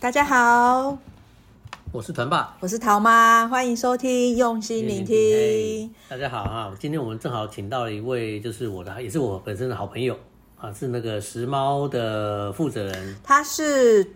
大家好，我是團爸，我是桃媽，歡迎收聽用心聆聽。Hey, hey，大家好，今天我們正好請到了一位，就是我的，也是我本身的好朋友啊，是那個拾貓的負責人，他是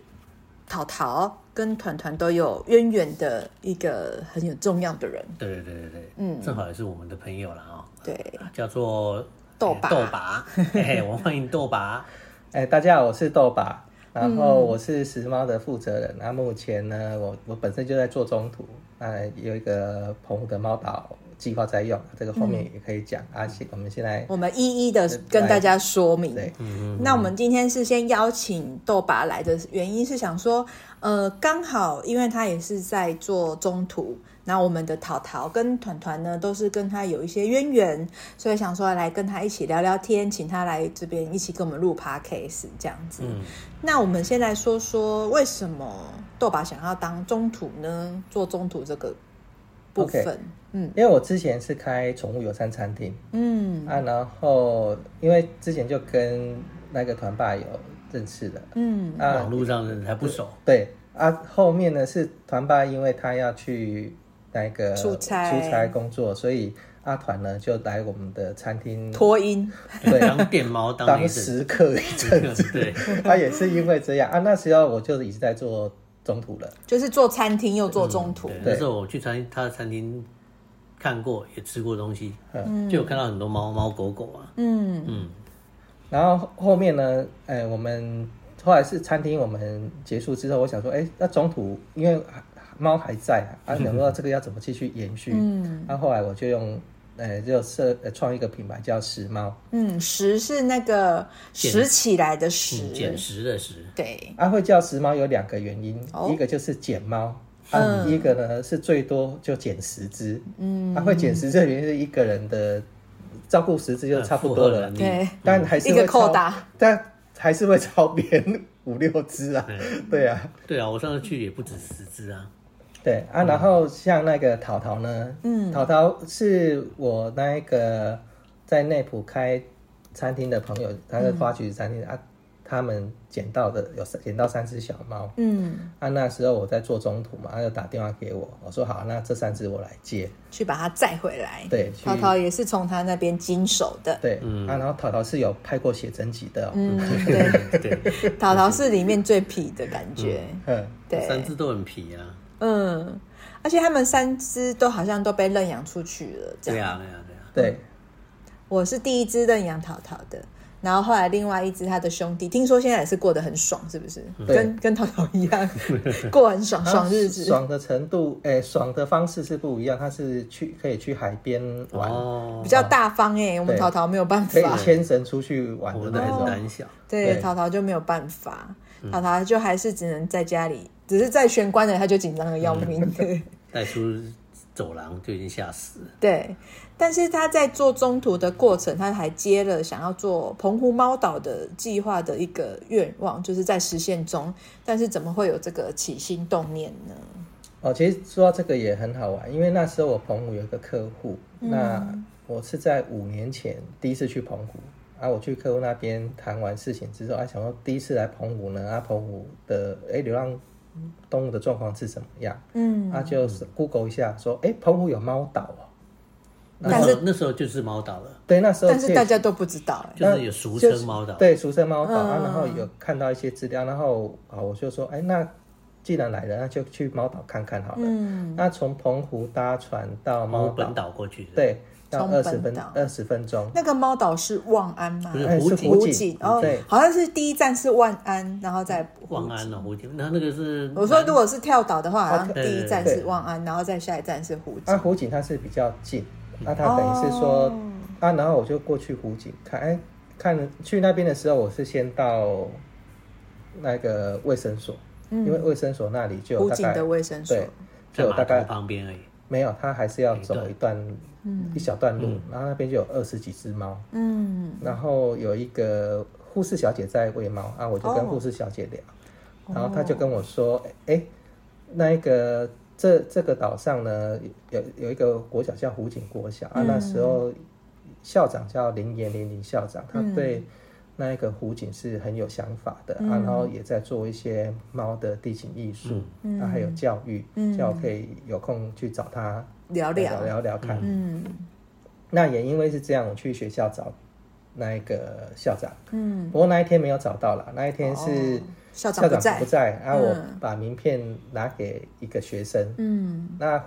桃桃跟團團都有淵源的一個很有重要的人。對對對對嗯，正好也是我們的朋友了哈。對、嗯啊，叫做鬥拔、欸、鬥拔、欸，我歡迎鬥拔。哎、 欸，大家好，我是鬥拔。然後我是拾貓的負責人，那、嗯、目前呢，我我本身就在做中途，啊，有一個澎湖的貓島計劃在用，這個後面也可以講、嗯、啊，先我們現在，我們一一的就跟大家說明。對，嗯、那我們今天是先邀請鬥拔來的，原因是想說，呃，剛好因為他也是在做中途。那我們的桃桃跟團團呢，都是跟他有一些淵源，所以想說來跟他一起聊聊天，請他來這邊一起跟我們錄 podcast 這樣子。嗯、那我們先來說說，為什麼豆爸想要當中途呢？做中途這個部分，okay, 嗯，因為我之前是開寵物友善餐廳，嗯，啊，然後因為之前就跟那個團爸有認識的，嗯，啊，網路上認識還不熟對，對，啊，後面呢是團爸，因為他要去。那個出差出差工作，所以阿團呢就來我們的餐廳托嬰 對當店貓當食客一陣子， 對，他、啊、也是因為這樣啊。那時候我就已經在做中途了，就是做餐廳又做中途。但是、嗯、對我去餐他的餐廳看過，也吃過東西，嗯、就有看到很多貓貓狗狗啊。嗯嗯，嗯然後後面呢，欸、我們後來是餐廳，我們結束之後，我想說，哎、欸，那中途因為。貓還在啊，啊，也不知道這個要怎麼繼續延續。嗯，那後來我就用，呃，就設創一個品牌叫“拾貓”。嗯，拾是那個拾起來的拾，撿拾的拾。對，啊會叫“拾貓”有兩個原因，一個就是撿貓，啊，一個呢是最多就撿十隻。嗯，啊會撿十隻的原因是一個人的照顧十隻就差不多了。對，但還是會超，但還是會超編五六隻啊。對啊，對啊，我上次去也不止十隻啊。對啊，然後像那個桃桃呢，嗯，桃桃是我那一個在內埔開餐廳的朋友，嗯、他的花趣餐廳啊，他們撿到的有撿到三隻小貓，嗯，啊那時候我在做中途嘛，他就打電話給我，我說好，那這三隻我來接，去把它載回來。對，桃桃也是從他那邊經手的。對，嗯、啊，然後桃桃是有拍過寫真集的、喔嗯，對對， 桃桃是裡面最皮的感覺，嗯，對，三隻都很皮啊。嗯，而且他們三隻都好像都被認養出去了，這樣，對呀、對呀、對呀、嗯、對。我是第一隻認養桃桃的，然後後來另外一隻他的兄弟，聽說現在也是過得很爽，是不是？嗯、跟跟桃桃一樣， 過很爽爽日子， 爽的程度，哎、欸，爽的方式是不一樣。他是去可以去海邊玩哦，比較大方哎、欸。對我們桃桃沒有辦法，可以牽繩出去玩的那種膽小，對桃桃對就沒有辦法，桃桃、嗯、就還是只能在家裡。只是在玄關的他就緊張的要命的，嗯，帶 出走廊就已經嚇死了。對，但是他在做中途的過程，他還接了想要做澎湖貓島的計劃的一個願望，就是在實現中。但是怎麼會有這個起心動念呢？哦，其實說到這個也很好玩，因為那時候我澎湖有一個客戶，嗯、那我是在五年前第一次去澎湖，啊，我去客戶那邊談完事情之後，啊，想說第一次來澎湖呢，啊，澎湖的哎、欸、流浪。動物的狀況是怎麼樣？嗯，那、啊、就是 Google 一下，說，哎、欸，澎湖有貓島哦。但是，那時候就是貓島了，對，那時候就但是大家都不知道、欸就那，就是有俗稱貓島，對，俗稱貓島。然後有看到一些資料，然後啊，我就說，哎、欸，那既然來了，那就去貓島看看好了。嗯，那從澎湖搭船到貓島過去是不是，對。二十分鐘，二十分鐘。那個貓島是望安嗎？不是虎井。對，好像是第一站是萬安，然後再虎井，望安了虎井，然後那個是……我說，如果是跳島的話，第一站是萬安，然後再下一站是虎井。虎井它是比較近，那它等於是說啊，然後我就過去虎井看，哎，看去那邊的時候，我是先到那個衛生所，因為衛生所那裡就虎井的衛生所，就大概旁邊而已。沒有，它還是要走一段路。嗯，一小段路，然後那邊就有二十幾隻貓，嗯，然後有一個護士小姐在餵貓，啊，我就跟護士小姐聊，然後她就跟我說，哎，那個這這個島上呢，有有一個國小叫虎井國小啊，那時候校長叫林岩林林校長，他對那一個虎井是很有想法的啊，然後也在做一些貓的地景藝術，啊還有教育，叫我可以有空去找他。聊聊,聊聊聊看，嗯，那也因為是這樣，我去學校找那一個校長，嗯，不過那一天沒有找到啦，那一天是校長不在，然後、哦啊、我把名片拿給一個學生，嗯，那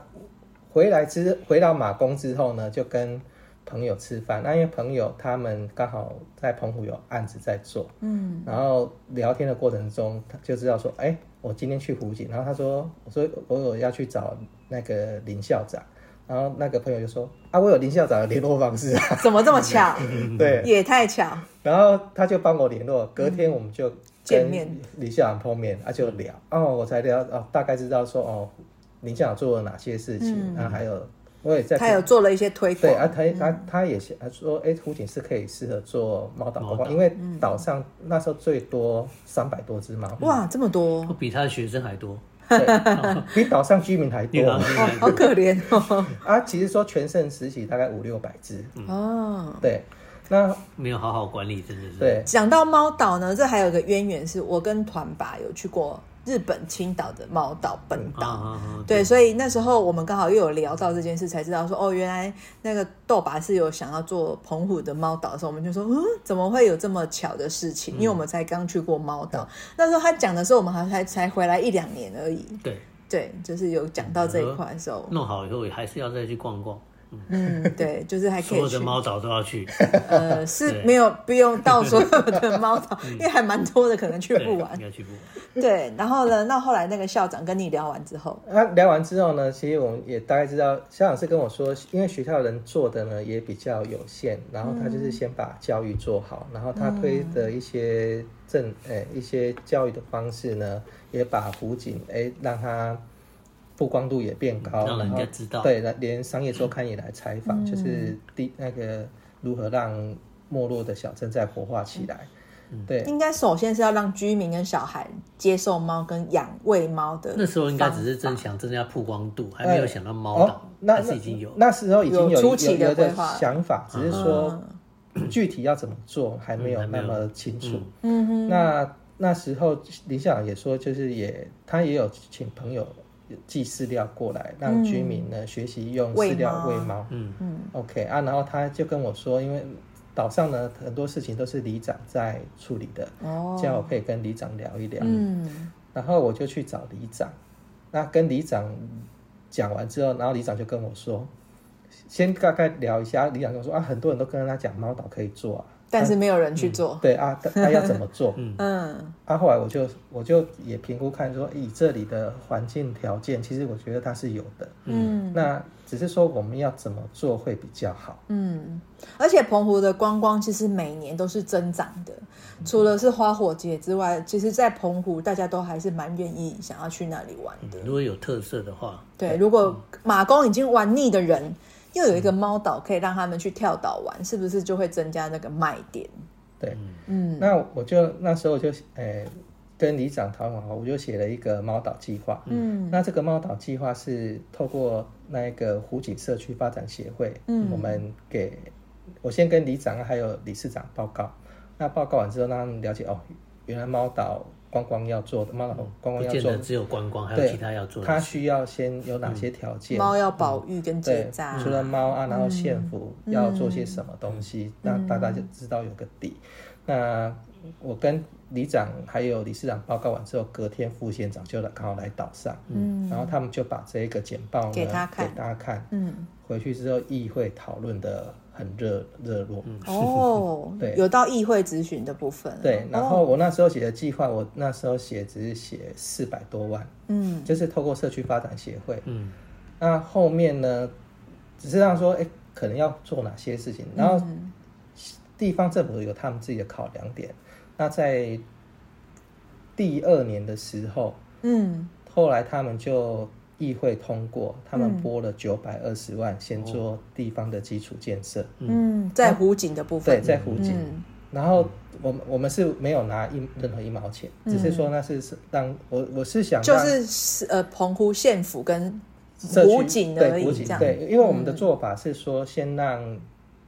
回來之回到馬公之後呢，就跟朋友吃飯，那因為朋友他們剛好在澎湖有案子在做，嗯，然後聊天的過程中，他就知道說，哎、欸。我今天去虎井，然後他說：“我說我我要去找那個林校長。”然後那個朋友就說：“啊，我有林校長的聯絡方式啊， 怎麼這麼巧？ 對，也太巧。”然後他就幫我聯絡，隔天我們就見面，林校長碰面，他、嗯啊、就聊。哦，我才聊，哦，大概知道說哦，林校長做了哪些事情，那、嗯、還有。我也在，他有做了一些推廣，對，而他他他也說，哎，虎井是可以適合做貓島的話，因為島上那時候最多三百多隻貓，哇，這麼多，比他的學生還多，比島上居民還多，好可憐哦。啊，其實說全盛時期大概五六百隻哦，對，那沒有好好管理，真的是。對，講到貓島呢，這還有一個淵源，是我跟團爸有去過。日本青島的貓島，本島，啊啊啊對，對，所以那時候我們剛好又有聊到這件事，才知道說，哦，原來那個鬥拔是有想要做澎湖的貓島的時候，我們就說，嗯，怎麼會有這麼巧的事情？嗯、因為我們才剛去過貓島，嗯、那時候他講的時候，我們還才才回來一兩年而已。對，對，就是有講到這一塊的時候，弄好以後還是要再去逛逛。嗯，對，就是還可以。所有的貓島都要去？呃，是沒有，不用到所有的貓島， 因為還蠻多的，可能去不完。應該去不完。對，然後呢？那後來那個校長跟你聊完之後，那 聊完之後呢？其實我們也大概知道，校長是跟我說，因為學校的人做的呢也比較有限，然後他就是先把教育做好，然後他推的一些政，呃、哎，一些教育的方式呢，也把虎井，哎，讓他。曝光度也變高，讓人家知道。對，連商業週刊也來採訪，嗯、就是第那個如何讓沒落的小鎮再活化起來。嗯、對，應該首先是要讓居民跟小孩接受貓跟養餵貓的。那時候應該只是正想增加曝光度，還沒有想到貓。對是哦，那已經有那時候已經有，有初期的了一個一個想法，只是說、嗯、具體要怎麼做還沒有那麼清楚。嗯哼，嗯，那那時候李小也說，就是也他也有請朋友。寄飼料過來，讓居民呢學習用飼料、嗯、餵貓。嗯嗯，OK 啊，然後他就跟我說，因為島上呢很多事情都是里長在處理的，哦。這樣我可以跟里長聊一聊。嗯，然後我就去找里長，那跟里長講完之後，然後里長就跟我說，先大概聊一下，里長跟我說啊，很多人都跟他講貓島可以做啊。但是沒有人去做。嗯。對啊，那要怎麼做？嗯 嗯。啊後來我就我就也評估看說，以這裡的環境條件，其實我覺得它是有的。嗯。那只是說我們要怎麼做會比較好？嗯。而且澎湖的觀光其實每年都是增長的，嗯、除了是花火節之外，其實，在澎湖大家都還是蠻願意想要去那裡玩的。嗯、如果有特色的話，對，如果馬公已經玩膩的人。嗯又有一個貓島可以讓他們去跳島玩，是、是不是就會增加那個賣點？對，嗯，那我就那時候就誒、欸、跟里長討論好，我就寫了一個貓島計劃，嗯，那這個貓島計劃是透過那一個虎井社區發展協會，嗯，我們給我先跟里長還有理事長報告，那報告完之後讓他們了解哦，原來貓島。觀光要做的嗎？觀光要做的，只有觀光還有其他要做的。他需要先有哪些條件？貓要保育跟結紮，除了貓啊，然後縣府要做些什麼東西，讓大家就知道有個底。那我跟里長還有理事長報告完之後，隔天副縣長就剛好來島上，嗯，然後他們就把這個簡報給他給大家看，嗯，回去之後議會討論的。很熱熱絡哦，嗯、是是是對，有到議會諮詢的部分。對，然後我那時候寫的計劃，哦、我那時候寫只是寫四百多萬，嗯，就是透過社區發展協會，嗯，那後面呢，只是讓說，哎、欸，可能要做哪些事情，然後、嗯、地方政府有他們自己的考量點。那在第二年的時候，嗯，後來他們就。議會通過，他們撥了九百二十萬，先做地方的基礎建設。嗯，嗯在虎井的部分。對，在虎井。嗯、然後，我們我們是沒有拿一任何一毛錢，嗯、只是說那是是讓我我是想就是呃澎湖縣府跟虎井對虎井對，因為我們的做法是說先讓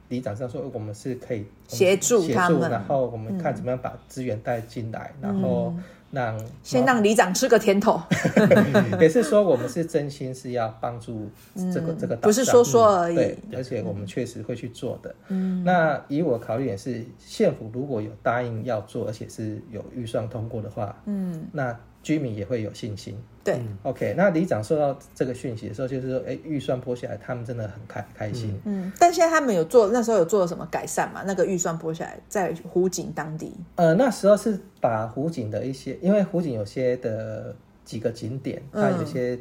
里長說說我們是可以們協助他們協助，然後我們看怎麼樣把資源帶進來，嗯、然後。讓那先讓里長吃個甜頭， 也是說我們是真心是要幫助這個、嗯、這個島，不是說說而已。嗯、對，而且我們確實會去做的。嗯，那以我考慮也是，縣府如果有答應要做，而且是有預算通過的話，嗯，那居民也會有信心。對、嗯、，OK，那里長收到這個訊息的時候，就是說，哎，預算撥下來，他們真的很開開心嗯。嗯，但現在他們有做，那時候有做了什麼改善嘛？那個預算撥下來，在虎井當地。呃，那時候是把虎井的一些，因為虎井有些的幾個景點，它有些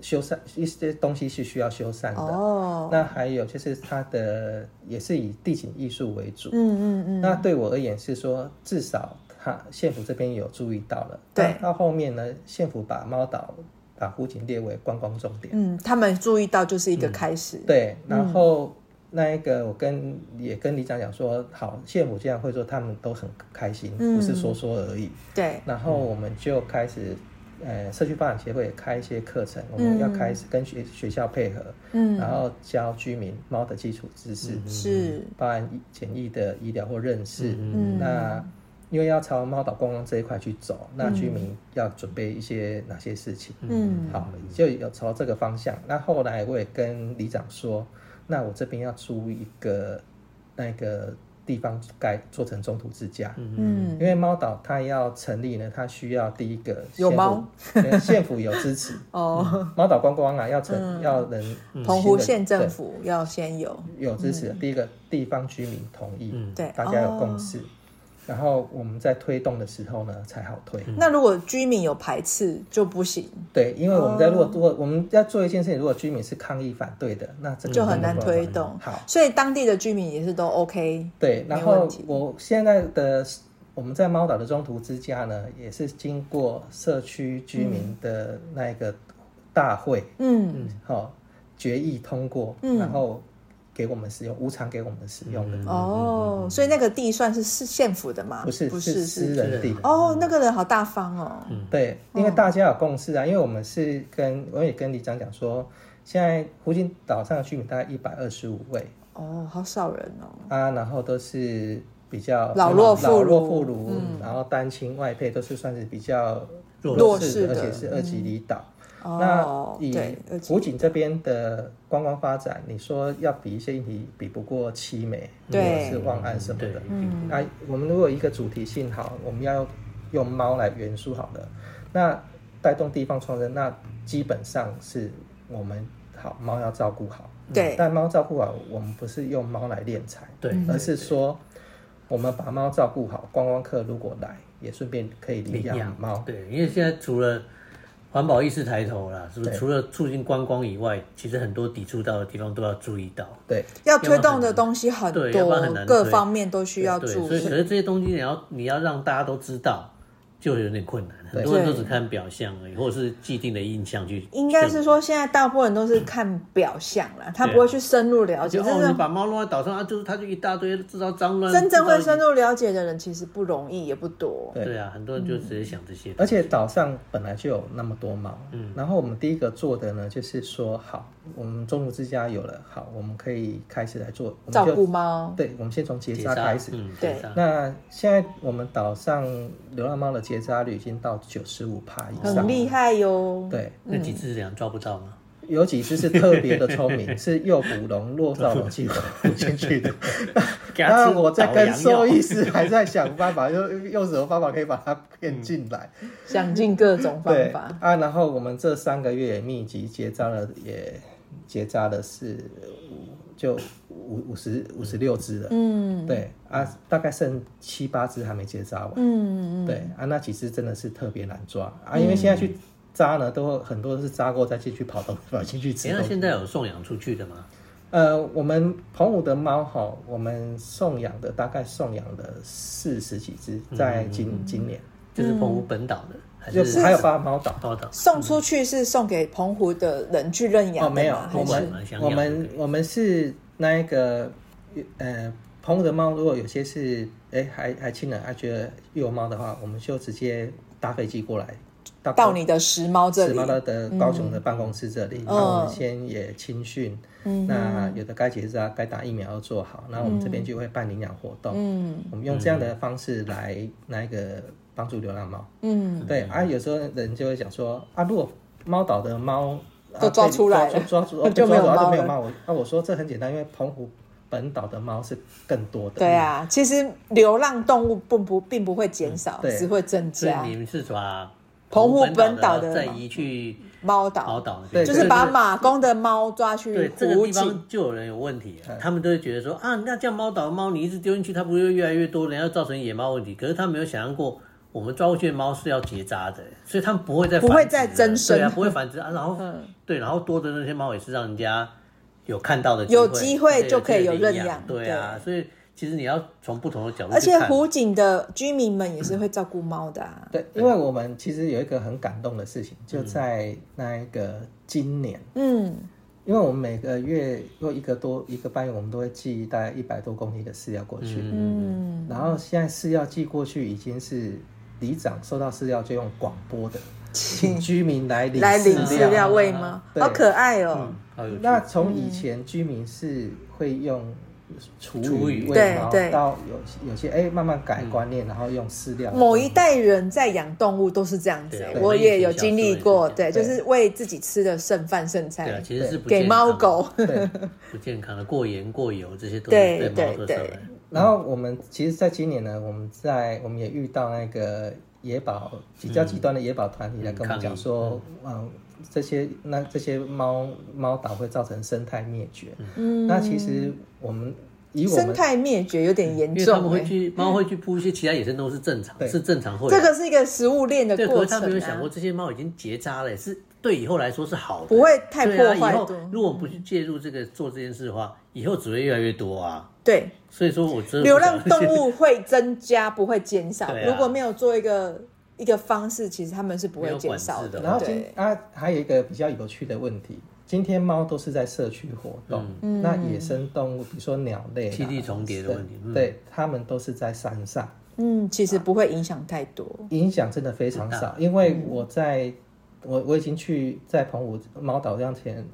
修繕，嗯、一些東西是需要修繕的。哦，那還有就是它的也是以地景藝術為主。嗯嗯嗯。嗯嗯那對我而言是說，至少。縣府這邊有注意到了，對。到後面呢，縣府把貓島、把虎井列為觀光重點。嗯，他們注意到就是一個開始。對，然後那一個我跟也跟李長講說，好，縣府這樣會做，他們都很開心，不是說說而已。對。然後我們就開始，呃，社區發展協會也開一些課程，我們要開始跟學學校配合，嗯，然後教居民貓的基礎知識，是，辦簡易的醫療或認識，嗯，那。因為要朝貓島觀光這一塊去走，那居民要準備一些哪些事情？嗯，好，就有朝這個方向。那後來我也跟里長說，那我這邊要租一個那個地方，蓋做成中途之家。嗯，因為貓島它要成立呢，它需要第一個有貓，縣府有支持哦。貓島觀光啊，要成要能澎湖縣政府要先有有支持，第一個地方居民同意，大家有共識。然後我們在推動的時候呢，才好推。那如果居民有排斥就不行。對，因為我們在如果、呃、我們要做一件事情，如果居民是抗議反對的，那真的就很難推動。好，所以當地的居民也是都 OK。對，然後我現在的我們在貓島的中途之家呢，也是經過社區居民的那一個大會，嗯，好、嗯、決議通過，嗯、然後。給我們使用，無償給我們使用的哦。所以那個地算是是縣府的嗎？嗯嗯嗯，不是，是私人地的。哦，那個人好大方哦。嗯。對，因為大家有共識啊，因為我們是跟我也跟里長講說，現在虎井島上的居民大概一百二十五位。哦，好少人哦。啊，然後都是比較老弱婦老弱婦孺，嗯、然後單親外配都是算是比較弱勢的，的，而且是二級離島。嗯那以虎井這邊的觀光發展，你說要比一些你比不過七美，嗯、或者是望安什麼的。那我們如果一個主題性好，我們要用貓來元素好的，那帶動地方創生，那基本上是我們好貓要照顧好。嗯、對，但貓照顧好，我們不是用貓來斂財對，對，而是說我們把貓照顧好，觀光客如果來，也順便可以離養領養貓。對，因為現在除了環保意識抬頭啦，是不是？除了促進觀光以外，對，其實很多抵觸到的地方都要注意到。對，要，要推動的東西很多，很各方面都需要注意。所以，可是這些東西你要你要讓大家都知道，就有點困難。很多人都只看表象，而已，或者是既定的印象去。應該是說，現在大部分人都是看表象啦，他不會去深入了解。然後把貓弄到島上，啊，就是他就一大堆制造髒亂。真正會深入了解的人，其實不容易，也不多。對啊，很多人就直接想這些。而且島上本來就有那麼多貓，嗯，然後我們第一個做的呢，就是說，好，我們中途之家有了，好，我們可以開始來做照顧貓。對，我們先從結扎開始。嗯，對。那現在我們島上流浪貓的結扎率已經到。九十五趴以上，很厲害喲、哦。對，那幾只是怎樣抓不到嗎？有幾只是特別的聰明， 是又鼓龍，落到了進進去的。那 吃、 啊、我在跟獸醫師還在想辦法，用 用什麼方法可以把它騙進來？嗯、想盡各種方法啊！然後我們這三個月也密集結扎了，也結扎的是。就五五十五十六隻了，嗯，對啊，大概剩七八隻還沒結紮完，嗯，嗯對啊，那幾隻真的是特別難抓，嗯、啊，因為現在去紮呢，都很多都是紮過再進去跑動，跑進去吃。那現在有送養出去的嗎？呃，我們澎湖的貓吼，我們送養的大概送養了四十幾隻，在今，嗯嗯、今年就是澎湖本島的。是就還有發貓島，貓島送出去是送給澎湖的人去認養。哦，沒有，是我們我們我們是那一個，呃，澎湖的貓如果有些是哎、欸、還還親人還覺得幼貓的話，我們就直接搭飛機過來到，過到你的拾貓這裡，拾貓的高雄的辦公室這裡，那、嗯、我們先也清訓，哦、那有的該絕育啊，該打疫苗要做好，嗯、那我們這邊就會辦領養活動，嗯，嗯我們用這樣的方式來那個。幫助流浪貓，嗯，對啊，有時候人就會想說啊，如果貓島的貓都、啊、抓，抓出來了抓出，抓出 就沒有貓、啊、就沒有貓我、啊、我說這很簡單，因為澎湖本島的貓是更多的。對啊，其實流浪動物不不並不會減少，嗯、只會增加。你們是抓、啊、澎湖本島的再移去貓島，貓島就是把馬公的貓抓去。對，對這個地方就有人有問題、啊，嗯、他們都會覺得說啊，那這樣貓島的貓你一直丟進去，它不會越來越多，然後造成野貓問題？可是他沒有想象過。我們抓過去的貓是要結扎的，所以它們不會再不會再增生，對啊，不會繁殖啊。然後，嗯、對，然後多的那些貓也是讓人家有看到的機，有機機會對就可以有認養，對啊。對所以其實你要從不同的角度。而且虎井的居民們也是會照顧貓的啊。嗯、對，因為我們其實有一個很感動的事情，就在那一個今年，嗯，因為我們每個月又一個多一個半月，我們都會寄大概一百多公斤的飼料過去，嗯，然後現在飼料寄過去已經是。里長收到飼料就用廣播的，請居民來領來領飼料餵嗎？好可愛哦！那從以前居民是會用廚餘餵，對，到有有些哎慢慢改觀念，然後用飼料。某一代人在養動物都是這樣子，我也有經歷過。對，就是餵自己吃的剩飯剩菜。其實是給貓狗不健康的，過鹽過油，這些都對貓嗯、然後我們其實，在今年呢，我們在我們也遇到那個野保比較極端的野保團體來跟我們講說，嗯，嗯，嗯，嗯，這些那這些貓貓島會造成生態滅絕。嗯，那其實我們。生態滅絕有點嚴重，因為他們會去貓會去捕一些其他野生動物是正常，是正常會。這個是一個食物鏈的過程。對，可是他沒有想過，這些貓已經結扎了，是對以後來說是好的，不會太破壞。對啊，以後如果不去介入這個做這件事的話，以後只會越來越多啊。對，所以說我知道流浪動物會增加，不會減少。如果沒有做一個一個方式，其實他們是不會減少的。然後聽啊，還有一個比較有趣的問題。今天貓都是在社區活動，那野生動物，比如說鳥類，棲地重疊的問題，對他們都是在山上，嗯，其實不會影響太多，影響真的非常少，因為我在我我已經去在澎湖貓島上前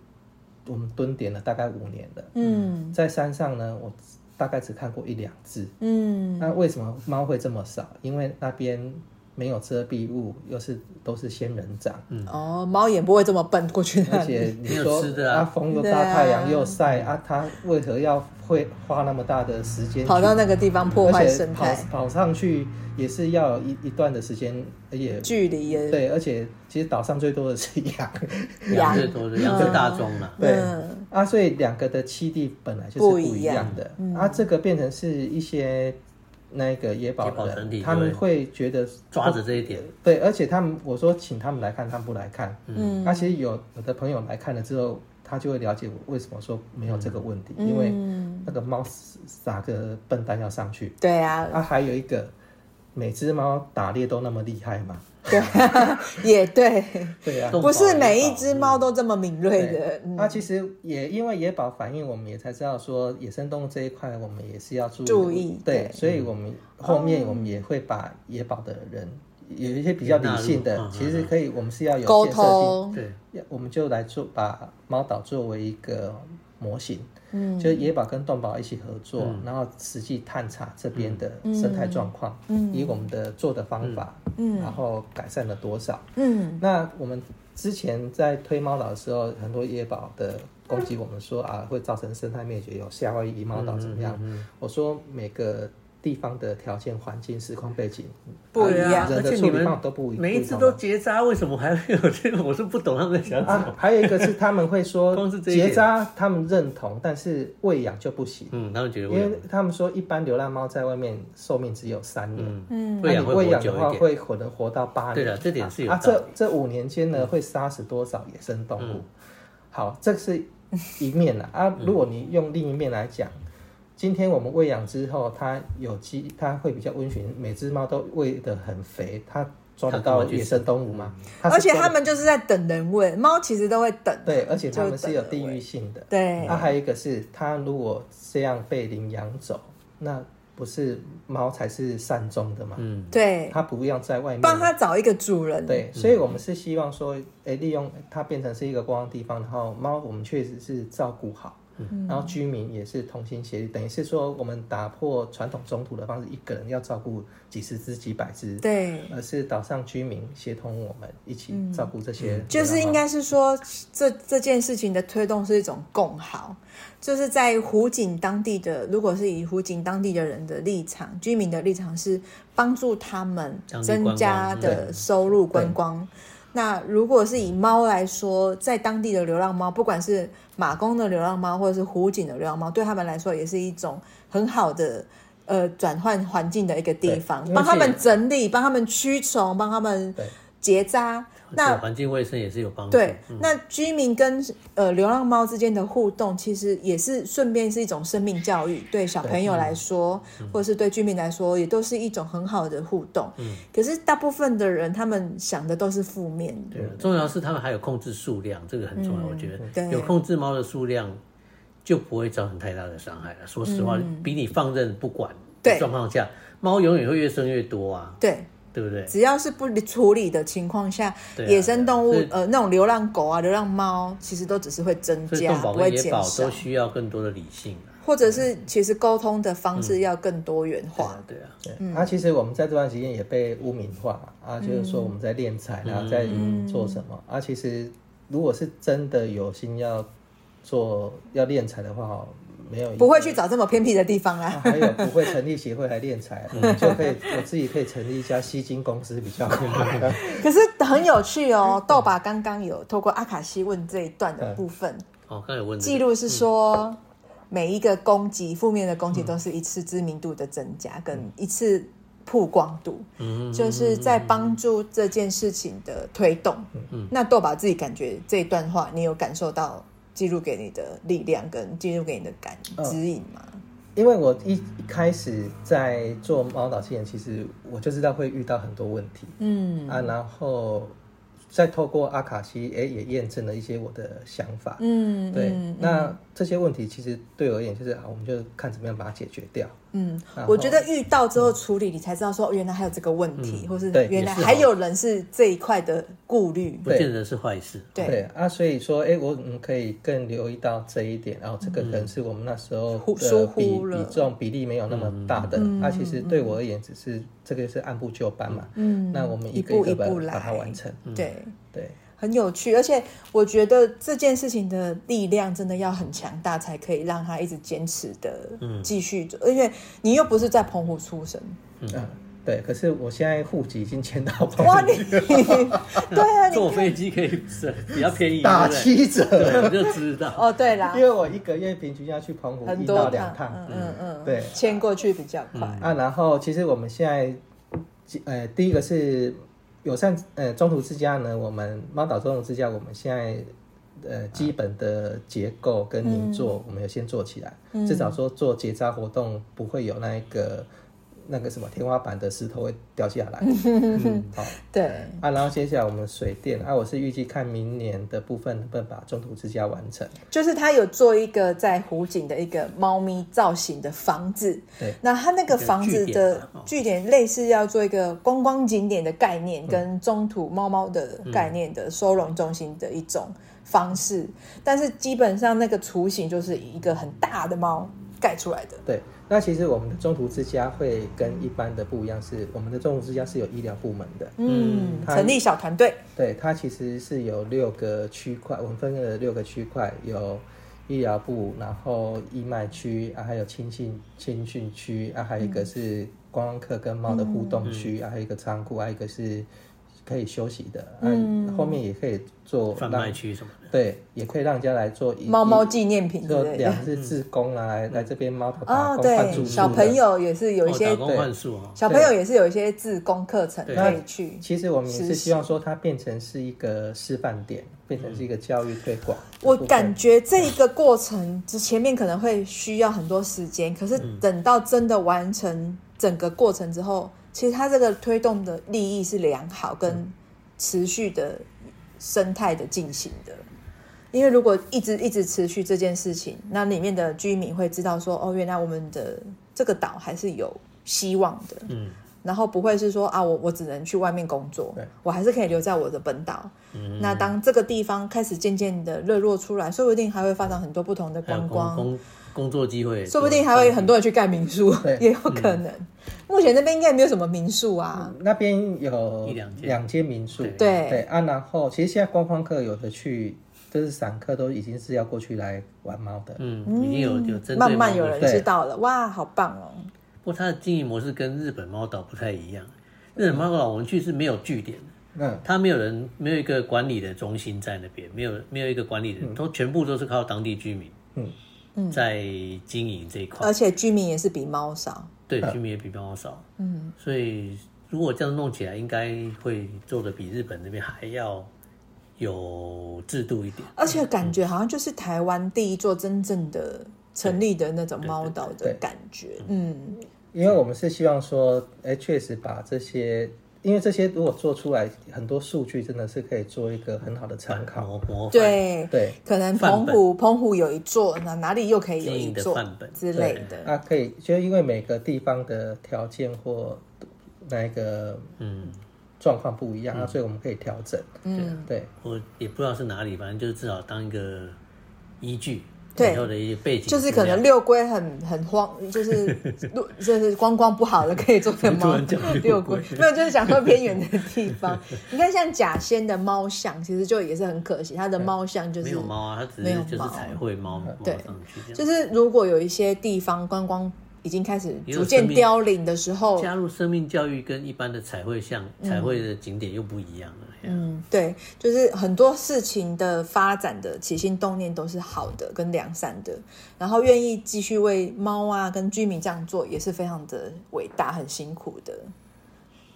我們蹲點了大概五年了，嗯，在山上呢，我大概只看過一兩隻，嗯，那為什麼貓會這麼少？因為那邊。沒有遮蔽物，又是都是仙人掌。嗯哦，貓也不會這麼笨過去。而且你說它，啊啊、風又大，啊、太陽又曬啊，他為何要會花那麼大的時間跑到那個地方破壞生態、嗯，跑？跑上去也是要有一一段的時間，而且距離也對。而且其實島上最多的是羊，羊最多的羊最大宗嘛。對，嗯、對啊，所以兩個的棲地本來就是不一樣的一樣，嗯、啊，這個變成是一些。那一個野保的，保他們會覺得抓着這一點，對，而且他們我說請他們來看，他們不來看，嗯，而且、啊、有有的朋友來看了之後，他就會了解我為什麼說沒有這個問題，嗯、因為那個貓撒個笨蛋要上去，嗯、對啊，啊，還有一個。每隻貓打獵都那麼厲害嗎？對， 也對， 對啊，不是每一隻貓都這麼敏銳的。那對、嗯啊、其實也因為野保反應，我們也才知道說野生動物這一塊，我們也是要注意。注意對，對所以，我們後面我們也會把野保的人有一些比較理性的，嗯、其實可以，我們是要有溝通，對，我們就來做把貓島作為一個。模型，就是野保跟動保一起合作，嗯、然後實際探查這邊的生態狀況，嗯嗯、以我們的做的方法，嗯、然後改善了多少？嗯，那我們之前在推貓島的時候，很多野保的攻擊我們說、嗯、啊，會造成生態滅絕，有夏威夷貓島怎麼樣？嗯嗯嗯、我說每個。地方的條件、環境、時空背景不一樣，而且你們都不一樣。每一次都結紮，為什麼還會有這個？我是不懂他們想什麼。還有一個是，他們會說結紮他們認同，但是餵養就不行。因為他們說一般流浪貓在外面壽命只有三年，那你餵養的話會可能活到八年。這點是有。這這五年間呢，會殺死多少野生動物？好，這是一面了啊。如果你用另一面來講。今天我們餵養之後，它有機，它會比較溫馴。每隻貓都餵得很肥，它抓得到野生動物嗎？而且它們就是在等人餵，貓其實都會等。對，而且它們是有地域性的。對，那、嗯、還有一個是，它如果這樣被領養走，那不是貓才是善終的嘛？嗯，對，它不要在外面，幫它找一個主人。對，所以我們是希望說，哎、欸，利用它變成是一個觀光的地方，然後貓我們確實是照顧好。嗯、然後居民也是同心協力，等於是說我們打破傳統中途的方式，一個人要照顧幾十隻、幾百隻，對，而是島上居民協同我們一起照顧這些。嗯、對就是應該是說，嗯、這這件事情的推動是一種共好，就是在虎井當地的，如果是以虎井當地的人的立場，居民的立場是幫助他們增加的收入觀光。那如果是以貓來說，在當地的流浪貓，不管是馬公的流浪貓，或者是虎井的流浪貓，對他們來說也是一種很好的呃轉換環境的一個地方，幫對他們整理，幫他們驅蟲，幫他們結紮。對環境衛生也是有幫助。對，那居民跟呃流浪貓之間的互動，其實也是順便是一種生命教育。對小朋友來說，或者是對居民來說，也都是一種很好的互動。嗯，可是大部分的人，他們想的都是負面的。重要是他們還有控制數量，這個很重要。我覺得有控制貓的數量，就不會造成太大的傷害了。說實話，比你放任不管的狀況下，貓永遠會越生越多啊。對。對不對？只要是不處理的情況下，啊、野生動物，啊、呃，那種流浪狗啊、流浪貓，其實都只是會增加，野保不會減少。都需要更多的理性、啊、或者是，啊、其實溝通的方式要更多元化。對啊。對啊。那、啊嗯啊、其實我們在這段時間也被污名化啊，就是說我們在斂財，嗯、然後在做什麼？啊，其實如果是真的有心要做要斂財的話。沒有，不會去找這麼偏僻的地方啦。還有不會成立協會來斂財，我就可以，我自己可以成立一家吸金公司比較。可是很有趣哦，鬥拔剛剛有透過阿卡西問這一段的部分。哦，剛有問記錄是說，每一個攻擊、負面的攻擊都是一次知名度的增加跟一次曝光度，嗯，就是在幫助這件事情的推動。嗯，那鬥拔自己感覺這一段話，你有感受到？記錄給你的力量跟記錄給你的感指引嘛、嗯？因為我一一開始在做貓島線，其實我就知道會遇到很多問題，嗯啊，然後再透過阿卡西，哎，也驗證了一些我的想法，嗯，對，嗯、那這些問題其實對我而言就是啊，我們就看怎麼樣把它解決掉。嗯，我覺得遇到之後處理，你才知道說，原來還有這個問題，或是原來還有人是這一塊的顧慮，不見得是壞事。對啊，所以說，哎，我我們可以更留意到這一點。然後這個人是我們那時候疏忽了，比重比例沒有那麼大的。那其實對我而言，只是這個是按部就班嘛。嗯，那我們一步一步來把它完成。對對。很有趣，而且我覺得這件事情的力量真的要很強大，才可以讓他一直堅持的繼續做。而且你又不是在澎湖出生，嗯，對。可是我現在戶籍已經遷到澎湖，對啊，坐飛機可以省比較便宜，打七折你就知道。哦，對啦，因為我一個月平均要去澎湖一到兩趟，嗯嗯，對，遷過去比較快。啊，然後其實我們現在，呃，第一個是。友善呃，中途之家呢，我們貓島中途之家，我們現在呃基本的結構跟泥做，嗯、我們要先做起來，嗯、至少說做結紮活動不會有那一個。那個什麼天花板的石頭會掉下來。 嗯、好，對啊，然後接下來我們水電啊，我是預計看明年的部分能不能把中途之家完成。就是他有做一個在虎井的一個貓咪造型的房子。對，那他那個房子的據點，點類似要做一個觀光，光景點的概念，嗯、跟中途貓貓的概念的收容中心的一種方式，嗯、但是基本上那個雛形就是以一個很大的貓蓋出來的。對。那其實我們的中途之家會跟一般的不一樣是，是我們的中途之家是有醫療部門的。嗯，它成立小團隊。對，它其實是有六個區塊，我們分了六個區塊，有醫療部，然後義賣區啊，還有親訓親訓區啊，還有一個是觀光客跟貓的互動區、嗯啊，還有一個倉庫，還有一個是。可以休息的，嗯，後面也可以做販賣區什麼的，對，也可以讓人家來做貓貓紀念品，做兩日志工啊，來這邊貓頭哦，對，小朋友也是有一些對，小朋友也是有一些志工課程可以去。其實我們也是希望說，它變成是一個示範點，變成是一個教育推廣。我感覺這一個過程，就前面可能會需要很多時間，可是等到真的完成整個過程之後。其實它這個推動的利益是良好跟持續的生態的進行的，因為如果一直一直持續這件事情，那裡面的居民會知道說，哦，原來我們的這個島還是有希望的。嗯。然後不會是說啊，我我只能去外面工作，我還是可以留在我的本島。那當這個地方開始漸漸的熱絡出來，說不定還會發展很多不同的觀光工工作機會，說不定還會很多人去蓋民宿，也有可能。目前那邊應該沒有什麼民宿啊？嗯、那邊有兩間民宿，對對，對啊，然後其實現在觀光客有的去，就是散客，都已經是要過去來玩貓的，嗯，已經有有真的、嗯、慢慢有人知道了，對哇，好棒哦！不過它的經營模式跟日本貓島不太一樣，日本貓島我們去是沒有據點的，嗯，它沒有人沒有一個管理的中心在那邊，沒有沒有一個管理人都、嗯、全部都是靠當地居民，嗯嗯，在經營這一塊、嗯嗯，而且居民也是比貓少。對，居民、嗯、也比較少，嗯，所以如果這樣弄起來，應該會做得比日本那邊還要有制度一點，而且感覺好像就是台灣第一座真正的成立的那種貓島的感覺，嗯，因為我們是希望說，哎，確實把這些。因為這些如果做出來，很多數據真的是可以做一個很好的參考模，模。對對，對可能澎湖圖澎湖有一座，那哪裡又可以有一座範本之類的。的對啊，可以，就是因為每個地方的條件或那個嗯狀況不一樣、嗯啊、所以我們可以調整。嗯，對，我也不知道是哪裡，反正就是至少當一個依據。對，就是可能六龜很樣很荒，就是就是觀光，光不好的可以做點貓 六龜，六龜 沒有就是想說偏遠的地方。 你看像甲仙的貓像，其實就也是很可惜，它的貓像就是、嗯、沒有貓啊，它只是就是彩繪貓，貓對，就是如果有一些地方觀光，光。已經開始逐漸凋零的時候，加入生命教育跟一般的彩繪，像、嗯、彩繪的景點又不一樣了。嗯，對，就是很多事情的發展的起心動念都是好的跟良善的，然後願意繼續為貓啊跟居民這樣做，也是非常的偉大，很辛苦的。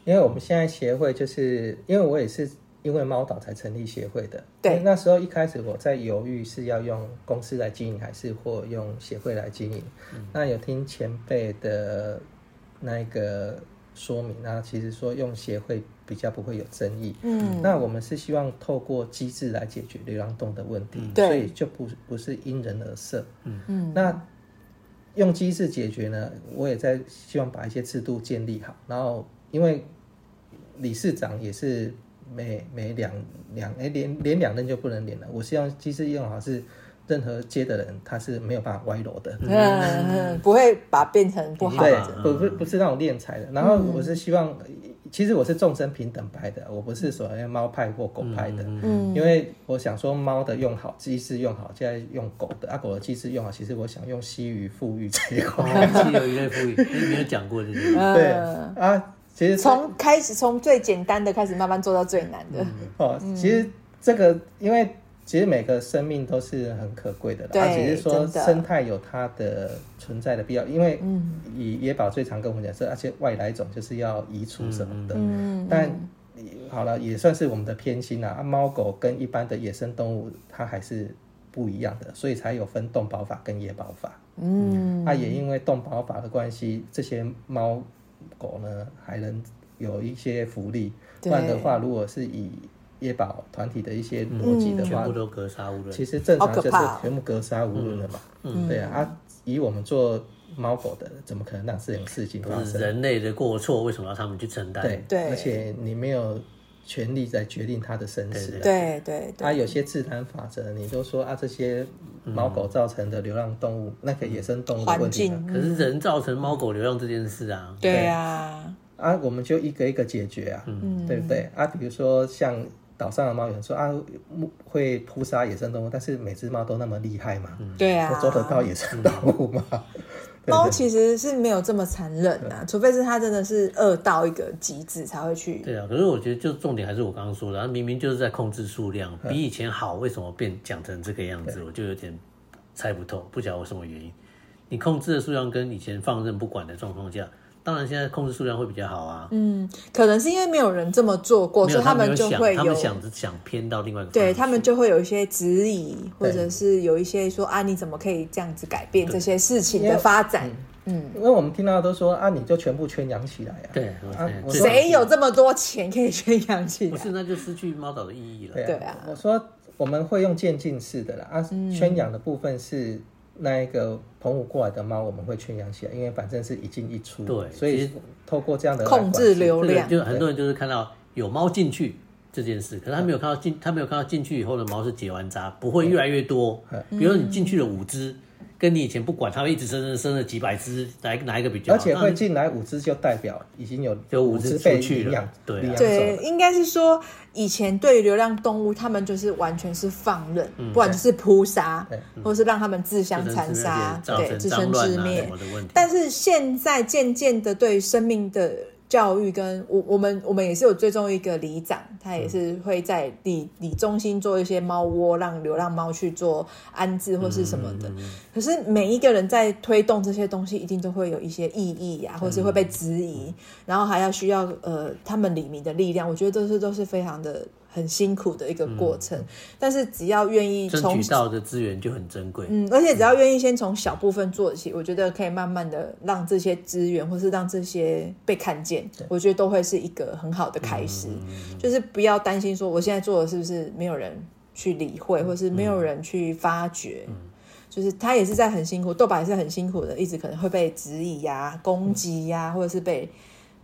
因為我們現在協會，就是因為我也是。因為貓島才成立協會的，對，那時候一開始我在猶豫是要用公司來經營，還是或用協會來經營。嗯、那有聽前輩的那個說明啊，其實說用協會比較不會有爭議。嗯，嗯，那我們是希望透過機制來解決流浪動物的問題，嗯、所以就不不是因人而設。嗯嗯，嗯，那用機制解決呢，我也在希望把一些制度建立好。然後，因為理事長也是。每每兩兩哎連連兩任就不能連了。我希望機制用好是任何接的人，他是沒有辦法歪羅的，不會把變成不好的。的、嗯嗯、不不不是那種斂財的。然後我是希望，嗯、其實我是眾生平等派的，我不是所謂貓派或狗派的。嗯嗯、因為我想說貓的用好機制用好，現在用狗的啊，狗的機制用好。其實我想用西魚富裕這一塊，西、哦、 有魚類富裕，你有沒有講過這個？嗯、對啊。其實從開始從最簡單的開始，慢慢做到最難的。嗯、哦，其實這個，嗯、因為其實每個生命都是很可貴的啦，對，只是、啊、說的生態有它的存在的必要，因為野野保最常跟我們講說，而且外來種就是要移除什麼的。嗯。但嗯好了，也算是我們的偏心啦。貓狗跟一般的野生動物，它還是不一樣的，所以才有分動保法跟野保法。嗯。啊，也因為動保法的關係，這些貓。狗呢還能有一些福利，對不然的話，如果是以野保團體的一些邏輯的話，嗯、全部都格殺勿論，其實正常就是全部格殺勿論了嘛。哦哦、對啊，啊，以我們做貓狗的，怎麼可能讓這種事情發生？嗯，就是、人類的過錯為什麼要他們去承擔？對，而且你沒有。權力在決定它的生死。對對對，對、啊，有些自然法則，你就說啊，這些貓狗造成的流浪動物，嗯、那個野生動物的問題，境可是人造成貓狗流浪這件事啊，對啊對，啊，我們就一個一個解決啊，嗯，對不對啊，比如說像島上的貓，有人說啊，會撲殺野生動物，但是每只貓都那麼厲害嘛、嗯？對啊，做得到野生動物嘛、嗯貓其實是沒有這麼殘忍啊，對對對對，除非是他真的是餓到一個極致才會去。對啊，可是我覺得就重點還是我剛剛說的，它明明就是在控制數量，比以前好，為什麼變講成這個樣子？對，我就有點猜不透，不曉得有什麼原因。你控制的數量跟以前放任不管的狀況下。當然，現在控制數量會比較好啊。嗯，可能是因為沒有人這麼做過，所以他們就會有想想偏到另外一個。對，他們就會有一些質疑，或者是有一些說啊，你怎麼可以這樣子改變這些事情的發展？嗯，因為我們聽到的都說啊，你就全部圈養起來啊。對啊，誰有這麼多錢可以圈養起來？不是，那就失去貓島的意義了。對啊，我說我們會用漸進式的啦，啊，圈養的部分是。那一個澎湖過來的貓，我們會圈養起來，因為反正是一進一出，對，所以透過這樣的控制流量，就很多人就是看到有貓進去這件事，對可是他沒有看到進，嗯、他沒有看到進去以後的貓是結完扎，不會越來越多。嗯嗯、比如說你進去了五隻。跟你以前不管，他們一直生生生了幾百只，來哪一個比較？而且會進來五只，就代表已經有有五只出去了。對、啊、了對，應該是說以前對於流浪動物，他們就是完全是放任，嗯、不管是撲殺，對或是讓他們自相殘殺，對，嗯、自生自滅、啊對。自自但是現在漸漸的對生命的。教育跟我我們我們也是有追蹤一個里長，他也是會在里里中心做一些貓窩，讓流浪貓去做安置或是什麼的。嗯、可是每一個人在推動這些東西，一定都會有一些異議啊，嗯、或是會被質疑，嗯、然後還要需要呃他們里民的力量。我覺得這些都是非常的。很辛苦的一個過程，嗯、但是只要願意，渠道的資源就很珍貴。嗯，而且只要願意先從小部分做起，嗯、我覺得可以慢慢的讓這些資源，或是讓這些被看見，對我覺得都會是一個很好的開始。嗯、就是不要擔心說我現在做的是不是沒有人去理會，嗯、或是沒有人去發掘，嗯、就是他也是在很辛苦，鬥拔也是很辛苦的，一直可能會被質疑呀、啊、攻擊呀、啊，嗯、或者是被。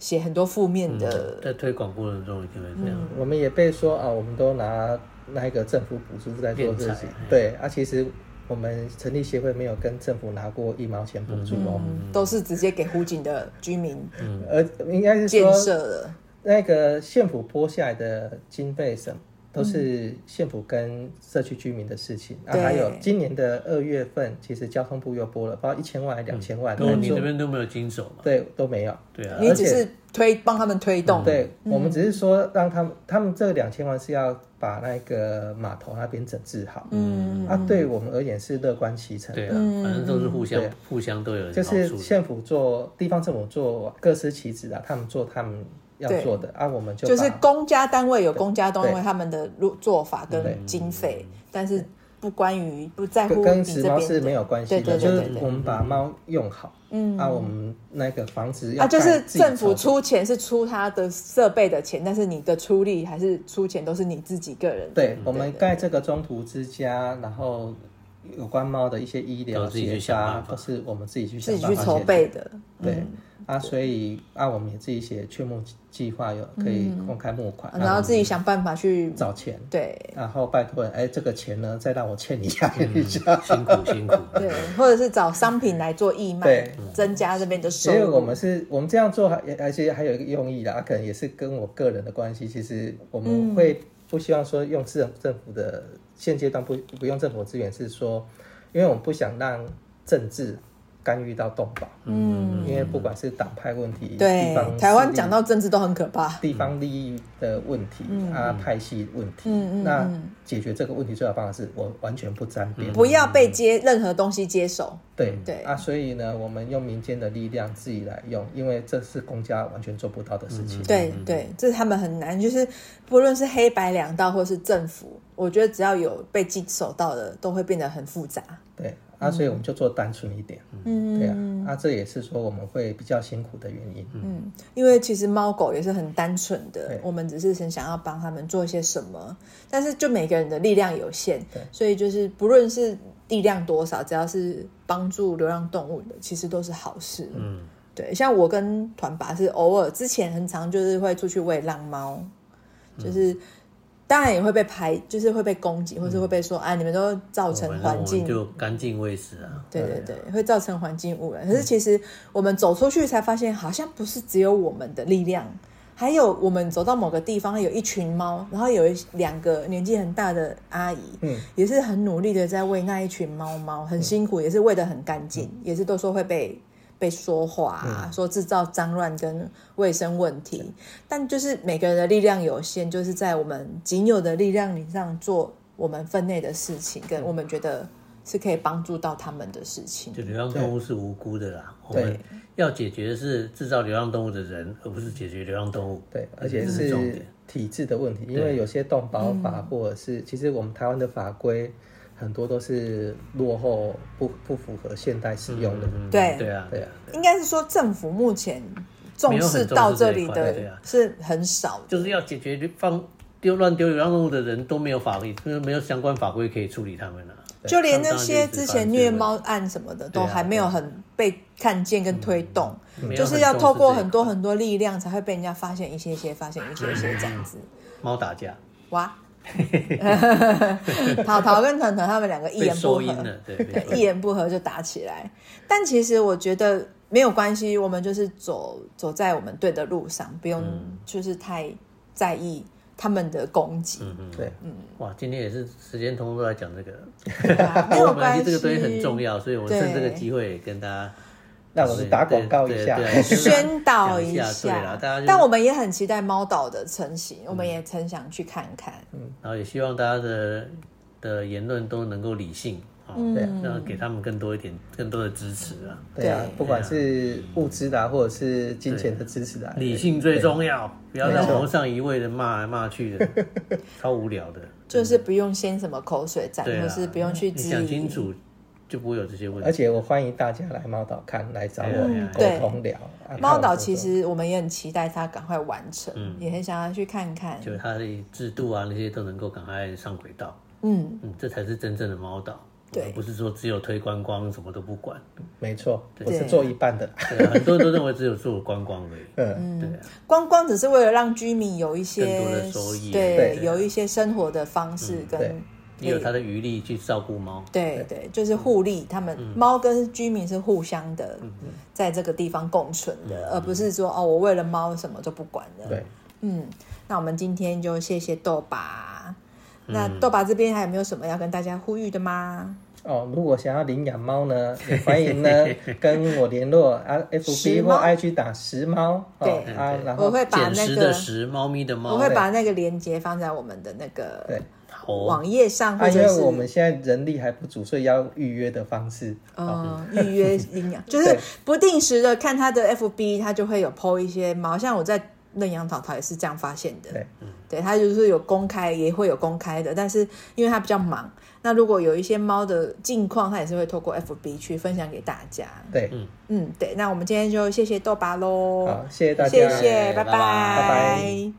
寫很多負面的，嗯、在推廣過程中一定會這樣。嗯、我們也被說啊，我們都拿那個政府補助在做事情。對啊，其實我們成立協會沒有跟政府拿過一毛錢補助哦、喔，嗯嗯嗯嗯、都是直接給虎井的居民、嗯，而應該是建設的那個縣府撥下來的經費什麼。都是縣府跟社區居民的事情啊，還有今年的二月份，其實交通部又撥了，不知道一千萬還是兩千萬？對，你這邊都沒有經手嗎？對，都沒有。對啊。你只是推幫他們推動。對，我們只是說讓他們，他們這兩千萬是要把那個碼頭那邊整治好。嗯。啊，對我們而言是樂觀其成的。對啊，反正都是互相、互相都有，就是縣府做，地方政府做，各司其職啊。他們做他們。對要做的啊，我們就就是公家單位有公家單位他們的做法跟經費，對但是不關於不在乎你這邊是沒有關係的，對、對、對、對、對，就是我們把貓用好，嗯啊，我們那個房子啊，就是政府出錢是出他的設備的錢，但是你的出力還是出錢都是你自己個人。對，對、對、對，我們蓋這個中途之家，然後。有關貓的一些醫療，這些都是我們自己去想辦法、籌備的。對啊，所以啊，我們也自己寫勸募計劃，有可以公開募款，然後自己想辦法去找錢。對，然後拜托人，哎，這個錢呢，再讓我欠你一下，你一下辛苦辛苦。對，或者是找商品來做義賣，增加這邊的收入。所以我們是，我們這樣做還而且還有一個用意的啊，可能也是跟我個人的關係。其實我們會。不希望說用政政府的現階段不不用政府資源，是說，因為我們不想讓政治干預到動保，嗯，因為不管是黨派問題，對地方台灣講到政治都很可怕，地方利益的問題、嗯、啊，派系問題，嗯嗯，那解決這個問題最好辦法是我完全不沾邊、嗯，不要被接任何東西接手，嗯、對對啊，所以呢，我們用民間的力量自己來用，因為這是公家完全做不到的事情，對、嗯、對，這、就是他們很難，就是不論是黑白兩道或是政府，我覺得只要有被接手到的，都會變得很複雜，對。啊、所以我們就做單純一點，嗯，對呀、啊，啊，這也是說我們會比較辛苦的原因，嗯，因為其實貓狗也是很單純的，對我們只是很想要幫他們做一些什麼，但是就每個人的力量有限，對，所以就是不論是力量多少，只要是幫助流浪動物的，其實都是好事，嗯，對，像我跟團爸是偶爾之前很常就是會出去餵浪貓，就是。嗯當然也會被排，就是會被攻擊，或是會被說、嗯、啊，你們都造成環境就乾淨衛生啊。對對對，哎、呀會造成環境污染。可是其實我們走出去才發現，好像不是只有我們的力量，嗯、還有我們走到某個地方，有一群貓，然後有一兩個年紀很大的阿姨，嗯、也是很努力的在餵那一群貓貓，很辛苦，嗯、也是餵的很乾淨，嗯、也是都說會被。被說話、啊，說製造髒亂跟衛生問題，嗯、但就是每個人的力量有限，就是在我們僅有的力量上做我們分內的事情，跟我們覺得是可以幫助到他們的事情。嗯、就流浪動物是無辜的啦，對我們要解決的是製造流浪動物的人，而不是解決流浪動物。對，而且是體制的問題，對因為有些動保法或者是、嗯、其實我們台灣的法規。很多都是落後不、不不符合現代使用的。嗯嗯、對對啊，對啊，應該是說政府目前重視到這裡的，很是很少的、啊啊啊。就是要解決放丟亂丟流浪動物的人都沒有法律，就沒有相關法規可以處理他們了、啊。就連那些之前虐貓案什麼的，都還沒有很被看見跟推動。嗯、就是要透過很多很多力量，才會被人家發現一些些，發現一些些這樣子。貓打架，哇！哈哈 桃桃跟團團他們兩個一言不合，對，一言不合就打起來。但其實我覺得沒有關係，我們就是走走在我們對的路上，不用就是太在意他們的攻擊、嗯。嗯對、嗯，嗯。哇，今天也是時間充足來講這個、啊，沒有關係， 這個東西很重要，所以我趁這個機會跟大家。那我們打廣告一下，宣導一下。但我們也很期待貓島的成型，我們也很想去看看。嗯，然後也希望大家的的言論都能夠理性，嗯，讓給他們更多一點更多的支持啊。對啊，不管是物資的或者是金錢的支持的，理性最重要，不要在網絡上一味的罵來罵去的，超無聊的。就是不用掀什麼口水戰，就是不用去想清楚。就不會有這些問題。而且我歡迎大家來貓島看，來找我共同聊。貓島其實我們也很期待它趕快完成，也很想要去看看，就是它的制度啊那些都能夠趕快上軌道。嗯，這才是真正的貓島，而不是說只有推觀光什麼都不管。沒錯，我是做一半的，很多人都認為只有做觀光而已。嗯，對，觀光只是為了讓居民有一些更多的收益，對，有一些生活的方式跟。有他的餘力去照顧貓，對對，就是互利。他們貓跟居民是互相的，在這個地方共存的，而不是說哦，我為了貓什麼都不管的。對，嗯，那我們今天就謝謝鬥拔。那鬥拔這邊還有沒有什麼要跟大家呼籲的嗎？哦，如果想要領養貓呢，也歡迎呢跟我聯絡，F FB 或 IG 打拾貓。對，然後我會把那個拾貓咪的貓，我會把那個鏈接放在我們的那個對。網頁上是，而且，啊、因為我們現在人力還不足，所以要預約的方式。呃、嗯，預約領養，就是不定時的看他的 FB，對他就會有 po 一些貓。像我在認養桃桃也是這樣發現的。對，嗯，對他就是有公開，也會有公開的，但是因為他比較忙，那如果有一些貓的近況，他也是會透過 FB 去分享給大家。對，嗯，對，那我們今天就謝謝鬥拔嘍，好，謝謝大家，欸，謝謝，拜拜，拜拜。